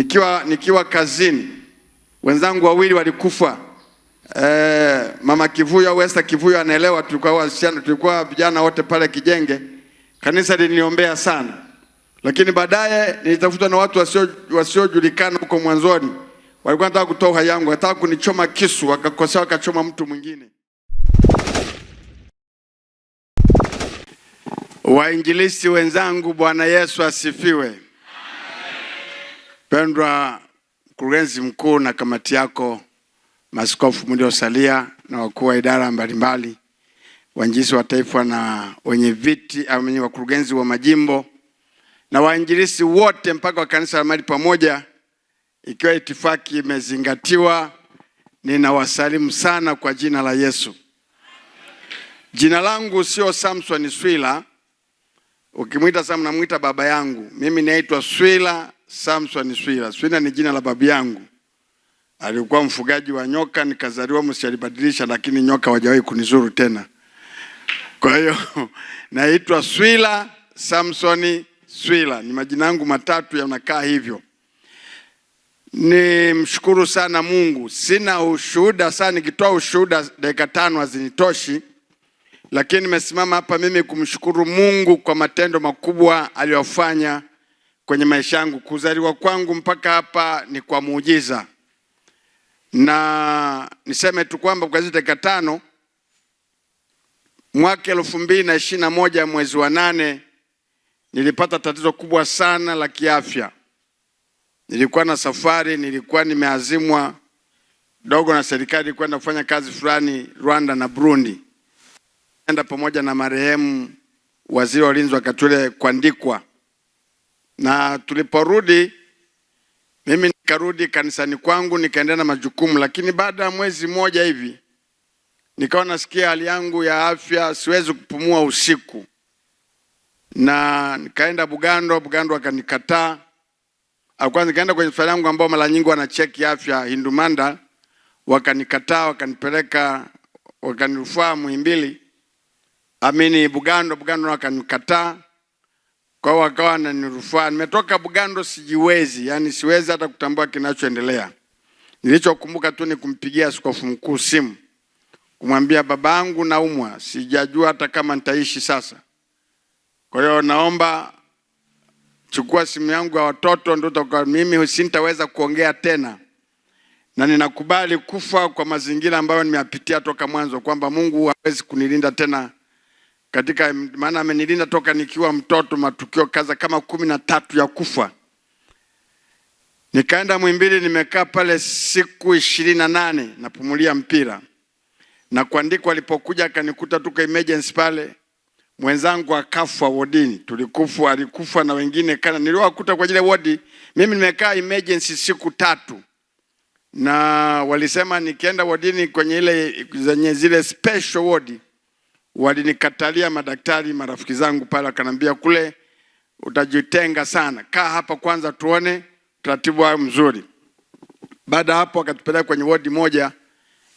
nikiwa, nikiwa kazini wenzangu wawili walikufa e, mama Kivuyo au Esther Kivuyo anaelewa, tulikuwa wasichana, tulikuwa vijana wote pale Kijenge. Kanisa liniombea sana, lakini baadaye nilitafutwa na watu wasiojulikana huko mwanzoni, walikuwa nataka kutoa uhai yangu, nataka kunichoma kisu, wakakosea wakachoma mtu mwingine. Wainjilisti wenzangu, Bwana Yesu asifiwe. Pendwa mkurugenzi mkuu na kamati yako, maskofu mliosalia na wakuu wa idara mbalimbali, wainjilisi wa taifa na wenye viti amenye wakurugenzi wa majimbo na wainjilisi wote mpaka wa kanisa la mali pamoja, ikiwa itifaki imezingatiwa, ninawasalimu sana kwa jina la Yesu. Jina langu sio Samson Swila. Ukimwita Sam, namwita baba yangu. Mimi naitwa Swila Samson Swira. Swira ni jina la babu yangu, alikuwa mfugaji wa nyoka, nikazaliwa msialibadilisha, lakini nyoka wajawahi kunizuru tena. Kwa hiyo naitwa Swira Samson Swira, ni majina yangu matatu yanakaa hivyo. Nimshukuru sana Mungu. Sina ushuhuda sana, nikitoa ushuhuda dakika tano hazinitoshi, lakini nimesimama hapa mimi kumshukuru Mungu kwa matendo makubwa aliyofanya kwenye maisha yangu. Kuzaliwa kwangu mpaka hapa ni kwa muujiza, na niseme tu kwamba kwa hizo dakika tano, mwaka elfu mbili na ishirini na moja mwezi wa nane nilipata tatizo kubwa sana la kiafya. Nilikuwa na safari, nilikuwa nimeazimwa dogo na serikali kwenda kufanya kazi fulani Rwanda na Burundi, enda pamoja na marehemu waziri wa ulinzi wakati ule na tuliporudi mimi nikarudi kanisani kwangu nikaendelea na majukumu, lakini baada ya mwezi mmoja hivi nikawa nasikia hali yangu ya afya, siwezi kupumua usiku, na nikaenda Bugando. Bugando akanikataa alikuwa, nikaenda kwenye hospitali yangu ambao mara nyingi wanacheki afya Hindumanda, wakanikataa, wakanipeleka, wakanirufaa Muhimbili amini Bugando. Bugando wakanikataa kwa hiyo wakawa wananirufaa, nimetoka Bugando sijiwezi, yani siwezi hata kutambua kinachoendelea. Nilichokumbuka tu ni kumpigia askofu mkuu simu kumwambia baba yangu naumwa, sijajua hata kama nitaishi sasa. Kwa hiyo naomba chukua simu yangu ya watoto, ndio mimi sintaweza kuongea tena, na ninakubali kufa kwa mazingira ambayo nimeyapitia toka mwanzo, kwamba Mungu hawezi kunilinda tena katika maana amenilinda toka nikiwa mtoto, matukio kaza kama kumi na tatu ya kufa. Nikaenda Mwimbili, nimekaa pale siku ishirini na nane napumulia mpira na kuandikwa. Alipokuja akanikuta tuko emergency pale, mwenzangu akafa wodini, tulikufa, alikufa na wengine kana niliwakuta kwa ajili ya wodi. Mimi nimekaa emergency siku tatu, na walisema nikienda wodini kwenye ile zenye zile special wodi Walinikatalia madaktari marafiki zangu pale, akanambia kule utajitenga sana, kaa hapa kwanza tuone utaratibu wao mzuri. Baada hapo akatupeleka kwenye wodi moja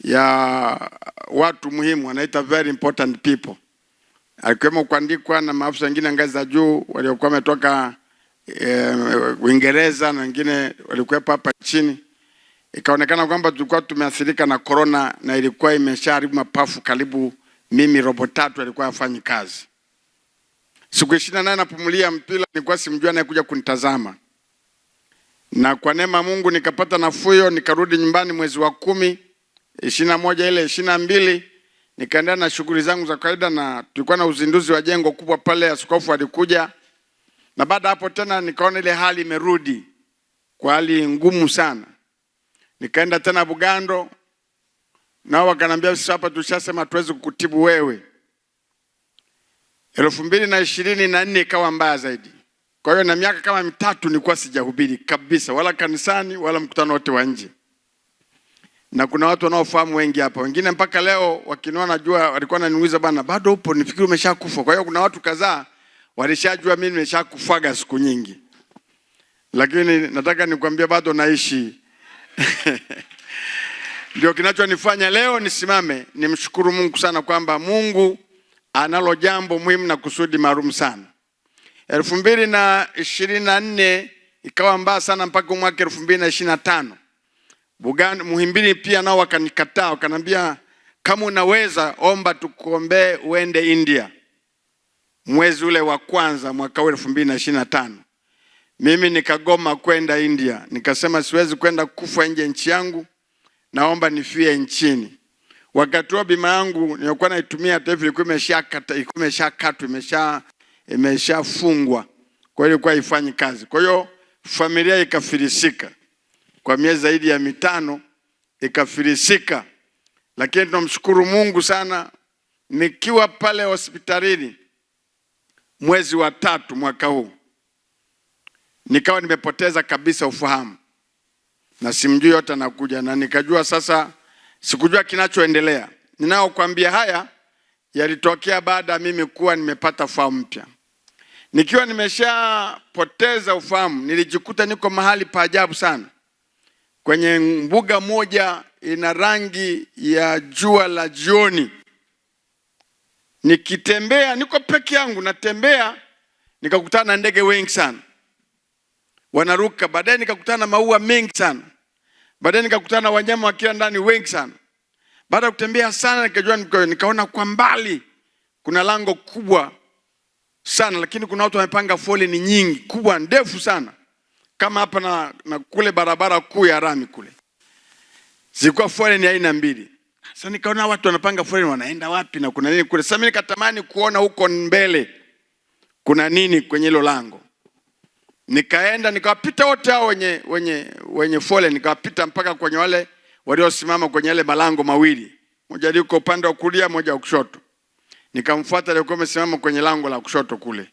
ya watu muhimu, wanaita very important people, akiwemo kuandikwa na maafisa wengine ngazi za juu waliokuwa wametoka e, Uingereza na wengine walikuwepo hapa nchini. Ikaonekana kwamba tulikuwa tumeathirika na corona na ilikuwa imeshaharibu mapafu karibu mimi robo tatu alikuwa afanyi kazi. Siku ishirini na nane napumulia mpira, nilikuwa simjua anayekuja kunitazama, na kwa neema Mungu nikapata nafuyo, nikarudi nyumbani mwezi wa kumi ishirini na moja ile ishirini na mbili nikaendelea na shughuli zangu za kawaida, na tulikuwa na uzinduzi wa jengo kubwa pale, askofu alikuja, na baada hapo tena nikaona ile hali imerudi kwa hali ngumu sana, nikaenda tena Bugando nao wakanambia, sisi hapa tushasema tuwezi kukutibu wewe. elfu mbili na ishirini na nne ikawa mbaya zaidi. Kwa hiyo na miaka kama mitatu nilikuwa sijahubiri kabisa, wala kanisani wala mkutano wote wa nje, na kuna watu wanaofahamu wengi hapa, wengine mpaka leo wakiniona, najua walikuwa wananiuliza, bana, bado upo? Nifikiri umeshakufa. Kwa hiyo kuna watu kadhaa walishajua mimi nimeshakufaga siku nyingi, lakini nataka nikwambie bado naishi Ndio kinachonifanya leo nisimame nimshukuru Mungu sana kwamba Mungu analo jambo muhimu na kusudi maalum sana. elfu mbili na ishirini na nne ikawa mbaya sana mpaka mwaka elfu mbili na ishirini na tano Buganda Muhimbili pia nao wakanikataa, wakanambia kama unaweza omba tukuombee uende India mwezi ule wa kwanza mwaka huu elfu mbili na ishirini na tano. Mimi nikagoma kwenda India, nikasema siwezi kwenda kufa nje nchi yangu naomba nifie nchini. Wakati huo bima yangu nilikuwa naitumia, hata hivi ilikuwa imeshakata, ilikuwa imeshakatwa, imesha imeshafungwa, kwa hiyo ilikuwa haifanyi kazi. Kwa hiyo familia ikafilisika kwa miezi zaidi ya mitano, ikafilisika. Lakini tunamshukuru Mungu sana, nikiwa pale hospitalini mwezi wa tatu mwaka huu nikawa nimepoteza kabisa ufahamu na simjui yote anakuja, na nikajua sasa, sikujua kinachoendelea. Ninayokwambia haya yalitokea baada ya mimi kuwa nimepata fahamu mpya. Nikiwa nimeshapoteza ufahamu, nilijikuta niko mahali pa ajabu sana, kwenye mbuga moja ina rangi ya jua la jioni. Nikitembea niko peke yangu, natembea nikakutana na ndege wengi sana wanaruka. Baadaye nikakutana na maua mengi sana, baadaye nikakutana na wanyama wakiwa ndani wengi sana. Baada ya kutembea sana, nikajua, nikaona kwa mbali kuna lango kubwa sana, lakini kuna watu wamepanga foleni nyingi kubwa ndefu sana kama hapa na, na kule barabara kuu ya rami kule zilikuwa foleni aina mbili. Sasa nikaona watu wanapanga foleni wanaenda wapi na kuna nini kule. Sasa mimi nikatamani kuona huko mbele kuna nini kwenye hilo lango. Nikaenda nikawapita wote hao wenye, wenye, wenye fole, nikawapita mpaka kwenye wale waliosimama kwenye yale malango mawili, moja liko upande wa kulia, moja wa kushoto. Nikamfuata aliyekuwa amesimama kwenye lango la kushoto kule,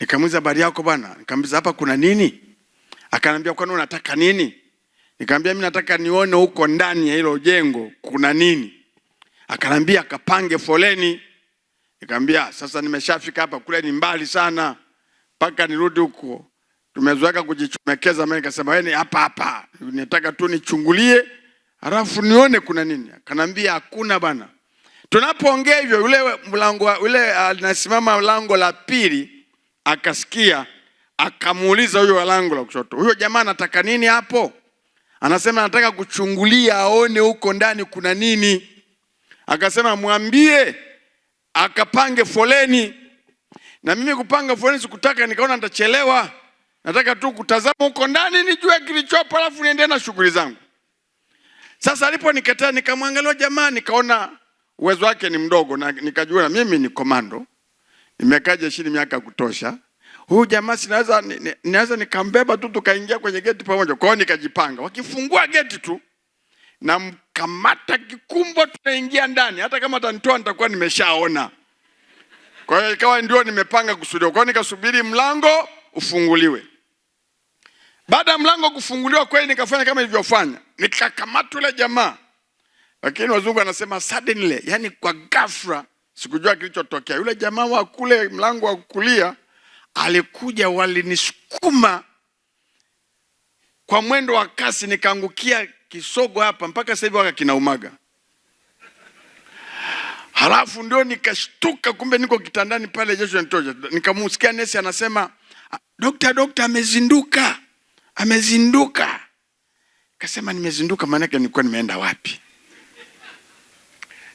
nikamuuliza habari yako bwana, nikamuuliza hapa kuna nini? Akaniambia kwani unataka nini? Nikamwambia mimi nataka nione huko ndani ya hilo jengo kuna nini. Akaniambia kapange foleni. Nikamwambia sasa nimeshafika hapa, kule ni mbali sana, mpaka nirudi huko tumezoeka kujichomekeza. Mimi nikasema wewe ni hapa hapa, nataka tu nichungulie halafu nione kuna nini. Akanambia hakuna bana. Tunapoongea hivyo, yule mlango yule anasimama lango la pili akasikia, akamuuliza huyo lango la kushoto, huyo jamaa anataka nini hapo? Anasema anataka kuchungulia aone huko ndani kuna nini. Akasema mwambie akapange foleni, na mimi kupanga foleni sikutaka, nikaona nitachelewa nataka tu kutazama huko ndani nijue kilichopo, alafu niende na shughuli zangu. Sasa alipo nikataa, nikamwangalia jamaa, nikaona uwezo wake ni mdogo, na nikajua na mimi ni komando, nimekaa jeshini miaka ya kutosha. Huyu jamaa sinaweza naweza nikambeba tu tukaingia kwenye geti pamoja. Kwa hiyo nikajipanga, wakifungua geti tu namkamata kikumbo, tunaingia ndani. Hata kama atanitoa nitakuwa nimeshaona. Kwa hiyo ikawa ndio nimepanga kusudia. Kwa hiyo nikasubiri mlango ufunguliwe. Baada ya mlango kufunguliwa kweli, nikafanya kama ilivyofanya nikakamata yule jamaa, lakini wazungu wanasema suddenly, yani kwa ghafla, sikujua kilichotokea. Yule jamaa wa kule mlango wa kulia alikuja, walinisukuma kwa mwendo wa kasi, nikaangukia kisogo hapa, mpaka sasa hivi waka kinaumaga. Halafu ndio nikashtuka, kumbe niko kitandani pale, jasho linatoka. Nikamusikia nesi anasema, dokta, ah, dokta amezinduka amezinduka. Kasema nimezinduka, maanake nilikuwa nimeenda wapi?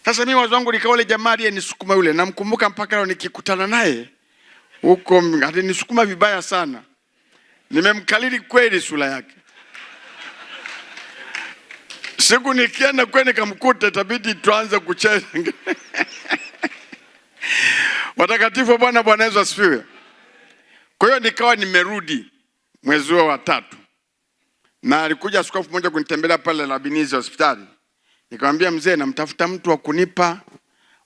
Sasa mimi wazo wangu likawa ile jamaa nisukuma yule, namkumbuka mpaka leo, nikikutana naye huko nisukuma vibaya sana, nimemkalili kweli sura yake. Siku nikienda kweli nikamkuta, itabidi tuanze kucheza watakatifu. Bwana Bwana Yesu asifiwe. Kwa hiyo nikawa nimerudi mwezi huo wa tatu, na alikuja askofu mmoja kunitembelea pale Labinizi hospitali. Nikamwambia mzee, namtafuta mtu wa kunipa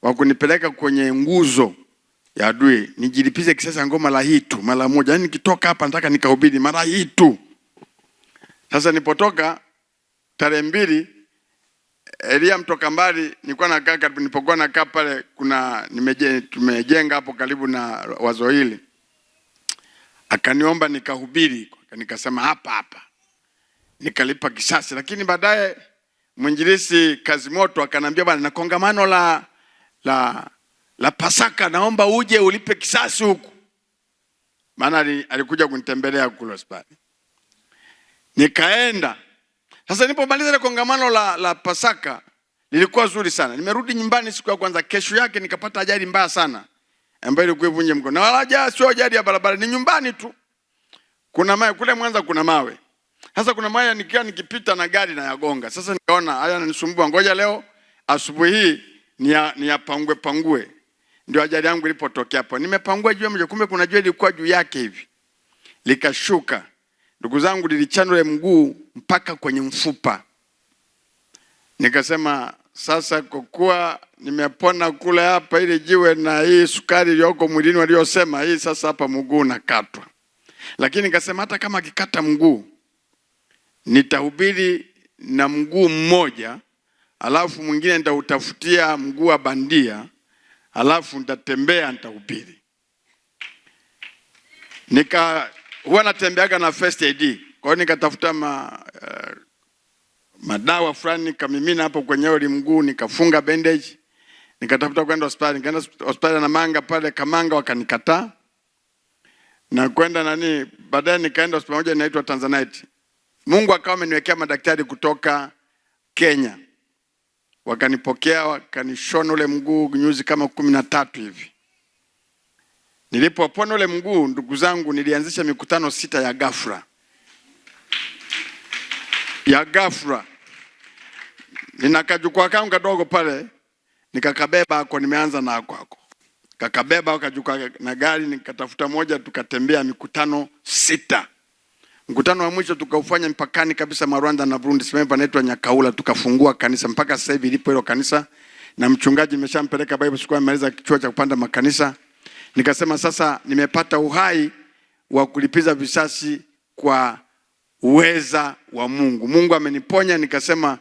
wa kunipeleka kwenye nguzo ya adui nijilipize kisasa ngoma la hitu mara moja, yani nikitoka hapa nataka nikahubiri mara hitu. Sasa nipotoka tarehe mbili Elia mtoka mbali, nilikuwa nakaa karibu, nipokuwa nakaa pale kuna nimejenga, hapo karibu na wazo hili Akaniomba nikahubiri, nikasema hapa hapa, nikalipa kisasi. Lakini baadaye mwinjilisi Kazimoto akanambia, bwana, na kongamano la, la, la Pasaka, naomba uje ulipe kisasi huku, maana alikuja kunitembelea kule hospitali. Nikaenda. Sasa nilipomaliza ile kongamano la, la Pasaka lilikuwa zuri sana. Nimerudi nyumbani siku ya kwanza, kesho yake nikapata ajali mbaya sana ambayo ilikuwa ivunje mkono, na wala sio ajali ya barabara, ni nyumbani tu. Kuna mawe kule Mwanza, kuna mawe sasa, kuna mawe nikiwa nikipita na gari na yagonga. Sasa nikaona haya yananisumbua, ngoja leo asubuhi hii niyapangue pangue. Ndio ajali yangu ilipotokea hapo, nimepangua jiwe moja, kumbe kuna jua lilikuwa juu yake hivi likashuka. Ndugu zangu, lilichanule mguu mpaka kwenye mfupa, nikasema sasa kwa kuwa nimepona kule hapa ile jiwe na hii sukari iliyoko mwilini waliosema hii, sasa hapa mguu nakatwa, lakini nikasema hata kama akikata mguu nitahubiri na mguu mmoja, alafu mwingine nitautafutia mguu wa bandia, alafu nitatembea nitahubiri. Nika huwa natembeaga na first aid, kwa hiyo nikatafuta ma uh, madawa fulani nikamimina hapo kwenye uli mguu, nikafunga bandage, nikatafuta kwenda hospitali. Nikaenda hospitali na manga pale Kamanga, wakanikataa na kwenda nani. Baadaye nikaenda hospitali moja inaitwa Tanzanite. Mungu akawa ameniwekea madaktari kutoka Kenya, wakanipokea wakanishona ule mguu nyuzi kama kumi na tatu hivi. Nilipopona ule mguu, ndugu zangu, nilianzisha mikutano sita ya ghafla ya ghafla. Nina kajukwaa kangu kadogo pale nikakabeba ako, nimeanza na kwako kakabeba akajuka na gari, nikatafuta moja, tukatembea mikutano sita. Mkutano wa mwisho tukaufanya mpakani kabisa mwa Rwanda na Burundi, sema panaitwa Nyakaula, tukafungua kanisa mpaka sasa hivi ilipo hilo kanisa, na mchungaji nimeshampeleka Bible siku amemaliza kichwa cha kupanda makanisa. Nikasema sasa nimepata uhai wa kulipiza visasi kwa uweza wa Mungu. Mungu ameniponya, nikasema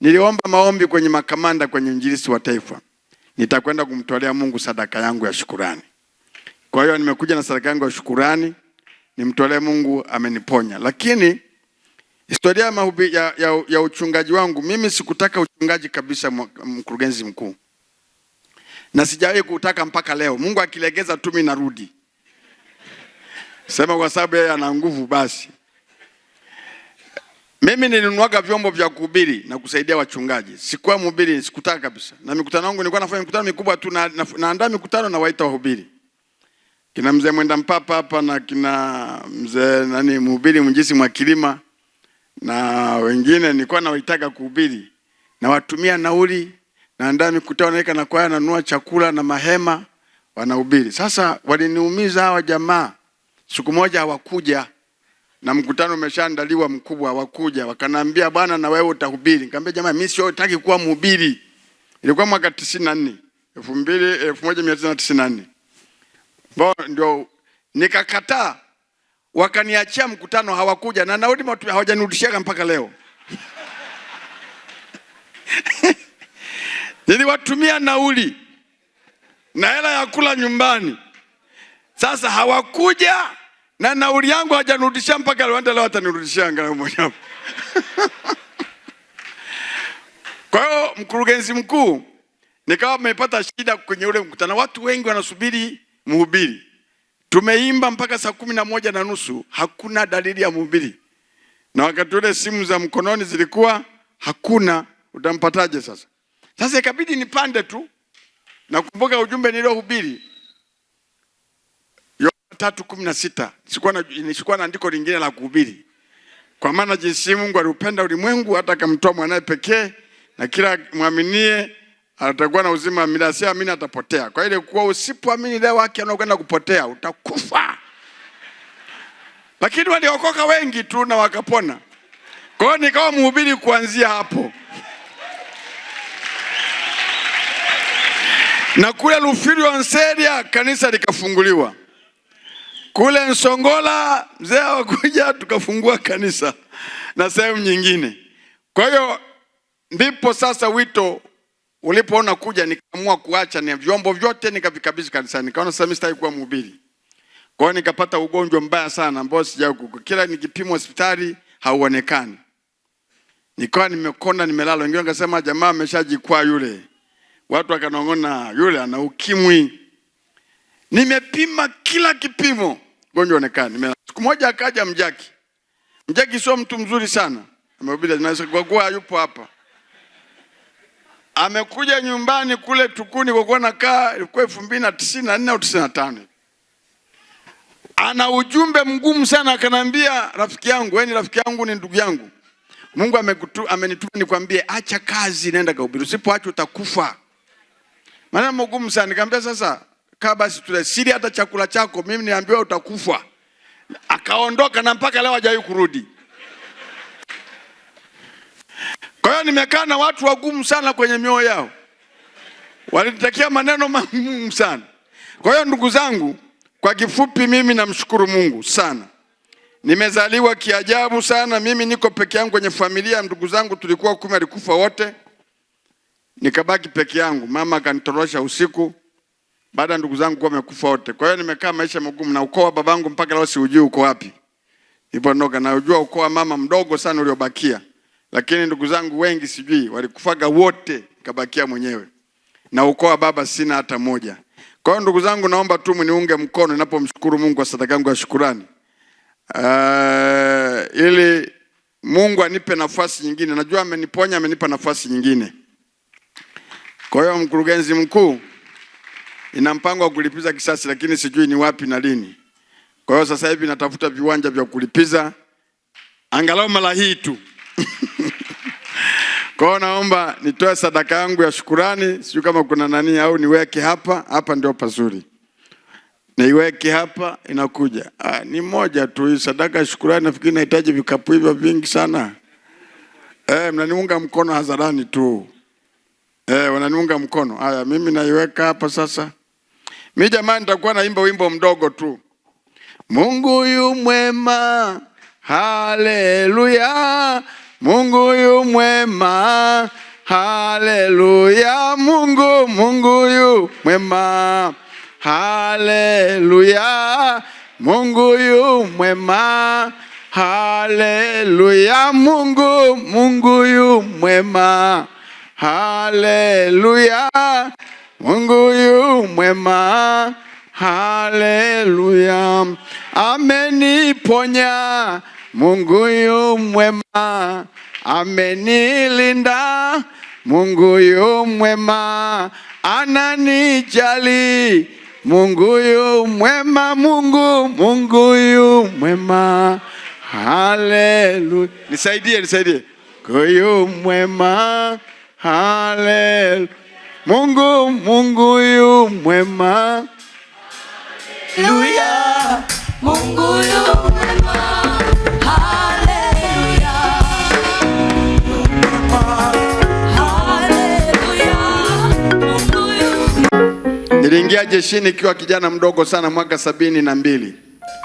Niliomba maombi kwenye makamanda kwenye injilisi wa taifa, nitakwenda kumtolea Mungu sadaka yangu ya shukurani. Kwa hiyo nimekuja na sadaka yangu ya shukurani nimtolee Mungu, ameniponya. Lakini historia ya, mahubi, ya, ya, ya uchungaji wangu, mimi sikutaka uchungaji kabisa, mkurugenzi mkuu, na sijawahi kutaka mpaka leo. Mungu akilegeza tu mimi narudi sema, kwa sababu yeye ana nguvu basi mimi nilinunuaga vyombo vya kuhubiri na kusaidia wachungaji. Sikuwa mhubiri, sikutaka kabisa. Na mikutano yangu nilikuwa nafanya mikutano mikubwa tu na, na, mikutano na waita wahubiri. Kina mzee Mwenda Mpapa hapa na kina mzee nani mhubiri Mjisi kilima na wengine nilikuwa nawaitaka kuhubiri. Nawatumia nauli, naandaa mikutano naweka na kwaya nanua chakula na mahema wanahubiri. Sasa waliniumiza hawa jamaa. Siku moja hawakuja na mkutano umeshaandaliwa mkubwa, wakuja wakanambia bwana na wewe utahubiri. Nikamwambia jamaa, mimi sitaki kuwa mhubiri. Ilikuwa mwaka 94 2000 1994 Bo, ndio nikakataa, wakaniachia mkutano, hawakuja na nauli hawajanirudishia mpaka leo niliwatumia nauli na hela ya kula nyumbani, sasa hawakuja na nauli yangu hajanirudishia mpaka Rwanda, leo atanirudishia angalau moja. Kwa hiyo mkurugenzi mkuu, nikawa mmepata shida kwenye ule mkutano, watu wengi wanasubiri mhubiri. Tumeimba mpaka saa kumi na moja na nusu, hakuna dalili ya mhubiri, na wakati ule simu za mkononi zilikuwa hakuna, utampataje sasa? Sasa ikabidi nipande tu, nakumbuka ujumbe niliohubiri tatu kumi na sita sikuwa na andiko lingine la kuhubiri, kwa maana jinsi Mungu aliupenda ulimwengu hata akamtoa mwanaye pekee, na kila mwaminie atakuwa na uzima wa milele, si amini atapotea. Kwa ile kuwa usipoamini leo wake anakwenda kupotea, utakufa. Lakini waliokoka wengi tu na wakapona. Kwa hiyo nikawa mhubiri kuanzia hapo. na kule Rufilwa Nseria kanisa likafunguliwa kule Nsongola, mzee hawakuja, tukafungua kanisa na sehemu nyingine. Kwa hiyo ndipo sasa wito ulipoona kuja, nikaamua kuacha ni vyombo vyote nikavikabidhi kanisani. Nikaona sasa mimi sitaki kuwa mhubiri. Kwa hiyo nikapata ugonjwa mbaya sana ambao sija kila nikipimwa hospitali hauonekani. Nikawa nimekonda nimelala, wengine wakasema jamaa ameshajikwaa yule. Watu wakanong'ona yule ana ukimwi. Nimepima kila kipimo Mgonjwa onekana. Siku moja akaja Mjaki. Mjaki sio mtu mzuri sana. Amehubiri kwa kuwa yupo hapa. Amekuja nyumbani kule Tukuni kwa kuwa nakaa ilikuwa 2094 au 95. Ana ujumbe mgumu sana akanambia, rafiki yangu, wewe ni rafiki yangu, ni ndugu yangu. Mungu amenituma nikwambie, acha kazi, nenda kahubiri. Usipoacha utakufa. Maana mgumu sana. Nikamwambia sasa kaba siri hata chakula chako, mimi niambiwa utakufa. Akaondoka na mpaka leo hajawahi kurudi. Kwa hiyo nimekaa na watu wagumu sana kwenye mioyo yao, walinitakia maneno magumu sana. Kwa hiyo ndugu zangu, kwa kifupi, mimi namshukuru Mungu sana, nimezaliwa kiajabu sana. Mimi niko peke yangu kwenye familia, ndugu zangu tulikuwa kumi, alikufa wote, nikabaki peke yangu. Mama akanitorosha usiku baada ya ndugu zangu kuwa wamekufa wote. Kwa hiyo nimekaa maisha magumu, na ukoo wa babangu mpaka leo siujui uko wapi, noga Na ujua ukoo wa mama mdogo sana uliobakia, lakini ndugu zangu wengi sijui walikufaga wote, kabakia mwenyewe, na ukoo wa baba sina hata moja. Kwa hiyo ndugu zangu, naomba tu mniunge mkono ninapomshukuru Mungu kwa sadaka yangu ya shukrani. uh, ee, ili Mungu anipe nafasi nyingine. Najua ameniponya, amenipa nafasi nyingine. Kwa hiyo mkurugenzi mkuu ina mpango wa kulipiza kisasi, lakini sijui ni wapi na lini. Kwa hiyo sasa hivi natafuta viwanja vya kulipiza angalau mara hii tu. Kwa hiyo naomba nitoe sadaka yangu ya shukurani, sijui kama kuna nani au niweke hapa hapa, ndio pazuri niweke hapa inakuja. Ah, ni moja tu hii sadaka ya shukurani. nafikiri nahitaji vikapu hivyo vingi sana. Eh, mnaniunga mkono hadharani tu. Eh, wananiunga mkono. Haya, mimi naiweka hapa sasa. Mi jamani, nitakuwa naimba wimbo mdogo tu. Mungu yu mwema, haleluya. Mungu yu mwema, haleluya. Mungu, Mungu yu mwema, haleluya. Mungu yu mwema, haleluya. Mungu, Mungu yu mwema, haleluya. Mungu yu mwema, haleluya. Ameniponya, Mungu yu mwema, amenilinda, Mungu yu mwema, ananijali, Mungu yu mwema, Mungu, Mungu yu mwema, haleluya. Nisaidie, nisaidie. Mungu yu mwema, haleluya Mungu, Mungu yu mwema. Haleluya. Mungu yu mwema. Haleluya. Haleluya. Niliingia jeshini nikiwa kijana mdogo sana mwaka sabini na mbili.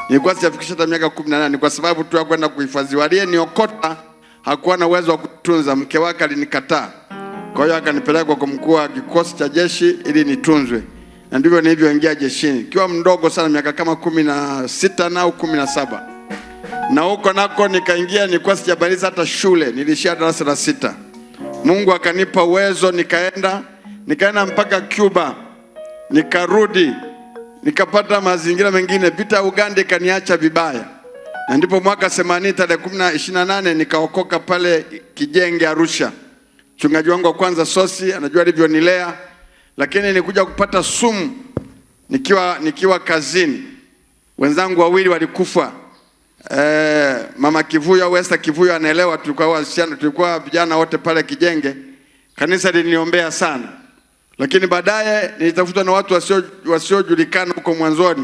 Nilikuwa sijafikisha hata miaka 18 ni kwa sababu tu ya kwenda kuhifadhiwa. Aliyeniokota hakuwa na uwezo wa kutunza, mke wake alinikataa. Kwa hiyo akanipeleka kwa mkuu wa kikosi cha jeshi ili nitunzwe, na ndivyo nilivyoingia jeshini ikiwa mdogo sana, miaka kama kumi na sita na au kumi na saba na huko nako nikaingia, nilikuwa sijabaliza hata shule, nilishia darasa la sita. Mungu akanipa uwezo, nikaenda nikaenda mpaka Cuba, nikarudi nikapata mazingira mengine. Vita ya Uganda ikaniacha vibaya, na ndipo mwaka 80 tarehe 28 nikaokoka pale Kijenge Arusha. Mchungaji wangu wa kwanza Sosi anajua alivyonilea, lakini nilikuja kupata sumu nikiwa, nikiwa kazini. Wenzangu wawili walikufa e, mama Kivuyo au Esther Kivuyo anaelewa. Tulikuwa wasichana, tulikuwa vijana wote pale Kijenge. Kanisa liniombea sana, lakini baadaye nilitafutwa na watu wasiojulikana wasio huko mwanzoni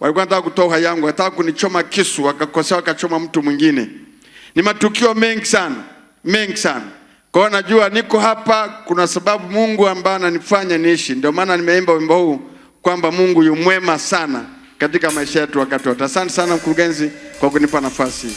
walikuwa wanataka kutoa uhai yangu, wanataka kunichoma kisu, wakakosea, wakachoma mtu mwingine. Ni matukio mengi sana, mengi sana. Kwa najua niko hapa, kuna sababu Mungu ambaye ananifanya niishi. Ndio maana nimeimba wimbo huu kwamba Mungu yu mwema sana katika maisha yetu wakati wote. Asante sana mkurugenzi kwa kunipa nafasi.